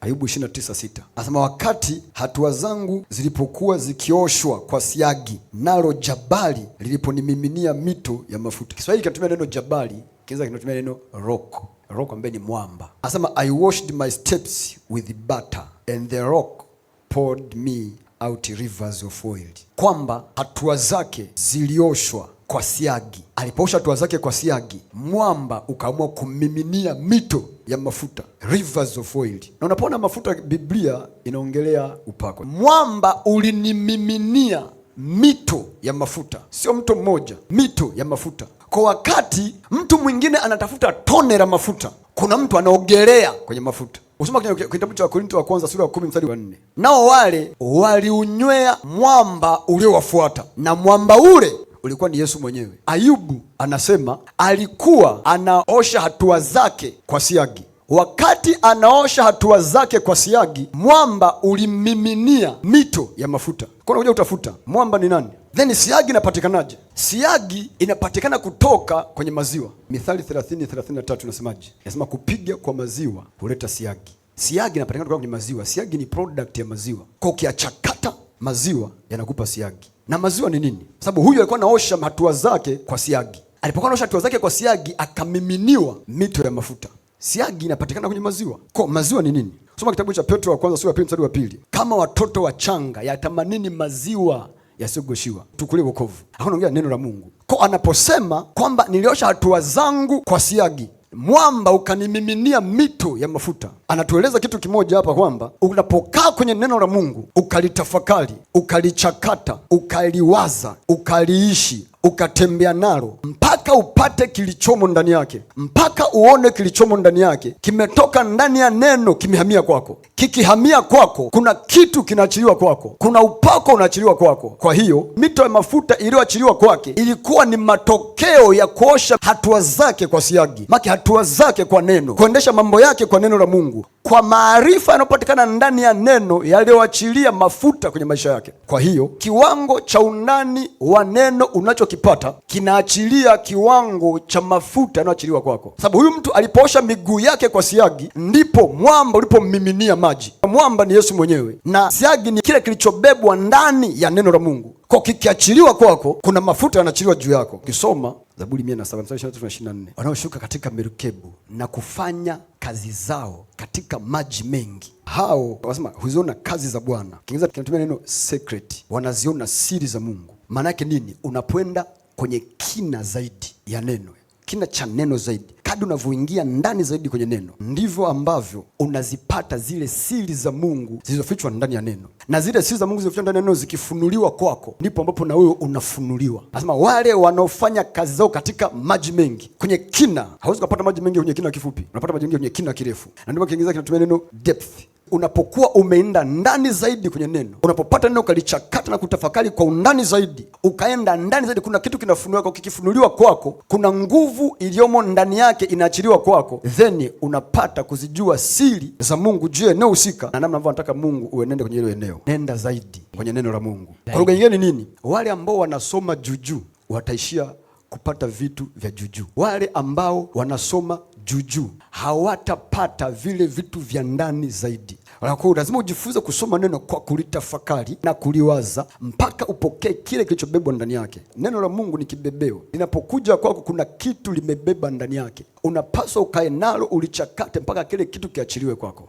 Ayubu 29:6 anasema, wakati hatua zangu zilipokuwa zikioshwa kwa siagi, nalo jabali liliponimiminia mito ya mafuta. Kiswahili kinatumia neno jabali, kinaweza kinatumia neno rock. Rock ambaye ni mwamba. Anasema, I washed my steps with butter and the rock poured me out rivers of oil, kwamba hatua zake zilioshwa kwa siagi alipoosha hatua zake kwa siagi, mwamba ukaamua kumiminia mito ya mafuta, rivers of oil. Na unapoona mafuta, Biblia inaongelea upako. Mwamba ulinimiminia mito ya mafuta, sio mto mmoja, mito ya mafuta. Kwa wakati mtu mwingine anatafuta tone la mafuta, kuna mtu anaogelea kwenye mafuta. Usoma kwenye kitabu cha Wakorintho wa kwanza sura ya kumi mstari wa nne nao wale waliunywea mwamba uliowafuata na mwamba ule ulikuwa ni Yesu mwenyewe. Ayubu anasema alikuwa anaosha hatua zake kwa siagi Wakati anaosha hatua zake kwa siagi, mwamba ulimiminia mito ya mafuta. Kwa unakuja utafuta mwamba ni nani, then siagi inapatikanaje? Siagi inapatikana kutoka kwenye maziwa. Mithali 30 33 inasemaje? nasema kupiga kwa maziwa huleta siagi. Siagi inapatikana kutoka kwenye maziwa. Siagi ni product ya maziwa, kwa ukiyachakata maziwa yanakupa siagi na maziwa ni nini? Kwa sababu huyu alikuwa naosha hatua zake kwa siagi. Alipokuwa naosha hatua zake kwa siagi, akamiminiwa mito ya mafuta. Siagi inapatikana kwenye maziwa. Ko, maziwa ni nini? Soma kitabu cha Petro wa kwanza sura ya pili mstari wa pili kama watoto wachanga yatamanini maziwa yasiogoshiwa tukulie wokovu. Hakuna ongea neno la Mungu. Ko, anaposema kwamba niliosha hatua zangu kwa siagi mwamba ukanimiminia mito ya mafuta. Anatueleza kitu kimoja hapa kwamba unapokaa kwenye neno la Mungu ukalitafakari, ukalichakata, ukaliwaza, ukaliishi ukatembea nalo mpaka upate kilichomo ndani yake, mpaka uone kilichomo ndani yake. Kimetoka ndani ya neno, kimehamia kwako. Kikihamia kwako, kuna kitu kinaachiliwa kwako, kuna upako unaachiliwa kwako. Kwa hiyo mito ya mafuta iliyoachiliwa kwake ilikuwa ni matokeo ya kuosha hatua zake kwa siagi make, hatua zake kwa neno, kuendesha mambo yake kwa neno la Mungu kwa maarifa yanayopatikana ndani ya neno yaliyoachilia mafuta kwenye maisha yake. Kwa hiyo kiwango cha undani wa neno unachokipata kinaachilia kiwango cha mafuta yanayoachiliwa kwako, sababu huyu mtu alipoosha miguu yake kwa siagi, ndipo mwamba ulipommiminia maji. Mwamba ni Yesu mwenyewe na siagi ni kile kilichobebwa ndani ya neno la Mungu. Kwa kikiachiliwa kwako, kuna mafuta yanaachiliwa juu yako. Ukisoma Zaburi 107:23-24, wanaoshuka katika merikebu na kufanya kazi zao katika maji mengi. Hao wanasema huziona kazi za Bwana, Kiingereza kinatumia neno secret, wanaziona siri za Mungu. Maana yake nini? Unapoenda kwenye kina zaidi ya neno, kina cha neno zaidi Kadri unavyoingia ndani zaidi kwenye neno, ndivyo ambavyo unazipata zile siri za Mungu zilizofichwa ndani ya neno, na zile siri za Mungu zilizofichwa ndani ya neno zikifunuliwa kwako, ndipo ambapo na wewe unafunuliwa. Anasema wale wanaofanya kazi zao katika maji mengi, kwenye kina. Hauwezi kupata maji mengi kwenye kina kifupi, unapata maji mengi kwenye kina kirefu, na ndipo Kiingereza kinatumia neno depth Unapokuwa umeenda ndani zaidi kwenye neno, unapopata neno ukalichakata na kutafakari kwa undani zaidi, ukaenda ndani zaidi, kuna kitu kinafunuliwa Kikifunuliwa kwako, kuna nguvu iliyomo ndani yake inaachiliwa kwako, then unapata kuzijua siri za Mungu juu ya eneo husika na namna ambavyo anataka Mungu uenende kwenye hilo eneo. Nenda zaidi kwenye neno la Mungu. Kwa lugha nyingine ni nini? Wale ambao wanasoma juujuu wataishia kupata vitu vya juujuu. Wale ambao wanasoma juujuu, hawatapata vile vitu vya ndani zaidi. Kwa lazima ujifunze kusoma neno kwa kulitafakari na kuliwaza mpaka upokee kile kilichobebwa ndani yake. Neno la Mungu ni kibebeo, linapokuja kwako kuna kitu limebeba ndani yake, unapaswa ukae nalo ulichakate mpaka kile kitu kiachiliwe kwako.